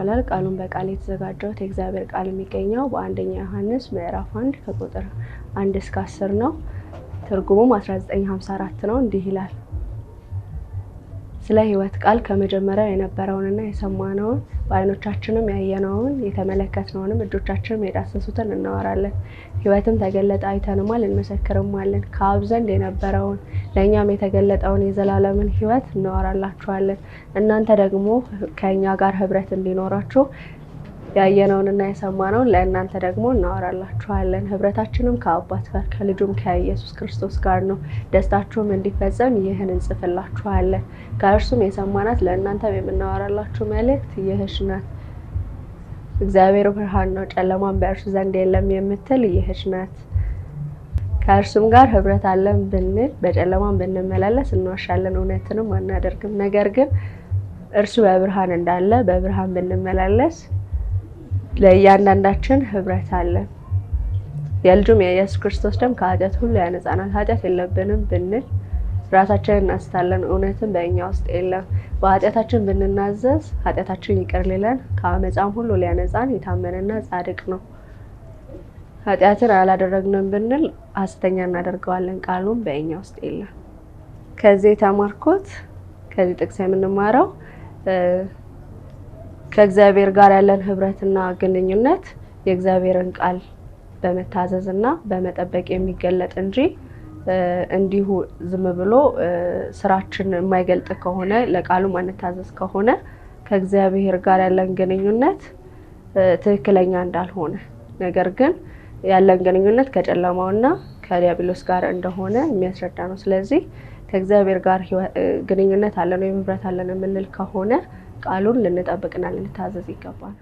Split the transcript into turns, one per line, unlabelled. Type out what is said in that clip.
ይባላል። ቃሉን በቃል የተዘጋጀው የእግዚአብሔር ቃል የሚገኘው በአንደኛ ዮሐንስ ምዕራፍ አንድ ከቁጥር አንድ እስከ አስር ነው። ትርጉሙም 1954 ነው። እንዲህ ይላል ስለ ህይወት ቃል ከመጀመሪያው የነበረውንና የሰማነውን በአይኖቻችንም ያየነውን የተመለከትነውንም እጆቻችንም የዳሰሱትን እናወራለን። ህይወትም ተገለጠ አይተንማል፣ እንመሰክርማለን። ከአብ ዘንድ የነበረውን ለእኛም የተገለጠውን የዘላለምን ህይወት እናወራላችኋለን። እናንተ ደግሞ ከእኛ ጋር ህብረት እንዲኖራችሁ ያየነውንና የሰማነውን ለእናንተ ደግሞ እናወራላችኋለን። ህብረታችንም ከአባት ጋር ከልጁም ከኢየሱስ ክርስቶስ ጋር ነው። ደስታችሁም እንዲፈጸም ይህን እንጽፍላችኋለን። ከእርሱም የሰማናት ለእናንተም የምናወራላችሁ መልእክት ይህች ናት። እግዚአብሔር ብርሃን ነው፣ ጨለማም በእርሱ ዘንድ የለም የምትል ይህች ናት። ከእርሱም ጋር ህብረት አለን ብንል በጨለማም ብንመላለስ እንዋሻለን፣ እውነትንም አናደርግም። ነገር ግን እርሱ በብርሃን እንዳለ በብርሃን ብንመላለስ ለእያንዳንዳችን ህብረት አለን። የልጁም የኢየሱስ ክርስቶስ ደም ከኃጢአት ሁሉ ያነጻናል። ኃጢአት የለብንም ብንል ራሳችንን እናስታለን፣ እውነትም በእኛ ውስጥ የለም። በኃጢአታችን ብንናዘዝ ኃጢአታችን ይቅር ሊለን ከአመፃም ሁሉ ሊያነጻን የታመነና ጻድቅ ነው። ኃጢአትን አላደረግንም ብንል ሐሰተኛ እናደርገዋለን፣ ቃሉም በእኛ ውስጥ የለም። ከዚህ የተማርኩት ከዚህ ጥቅስ የምንማረው ከእግዚአብሔር ጋር ያለን ህብረትና ግንኙነት የእግዚአብሔርን ቃል በመታዘዝና በመጠበቅ የሚገለጥ እንጂ እንዲሁ ዝም ብሎ ስራችን የማይገልጥ ከሆነ ለቃሉ ማንታዘዝ ከሆነ ከእግዚአብሔር ጋር ያለን ግንኙነት ትክክለኛ እንዳልሆነ ነገር ግን ያለን ግንኙነት ከጨለማውና ከዲያብሎስ ጋር እንደሆነ የሚያስረዳ ነው። ስለዚህ ከእግዚአብሔር ጋር ግንኙነት አለን ወይም ህብረት አለን የምንል ከሆነ ቃሉን ልንጠብቅና ልንታዘዝ ይገባል።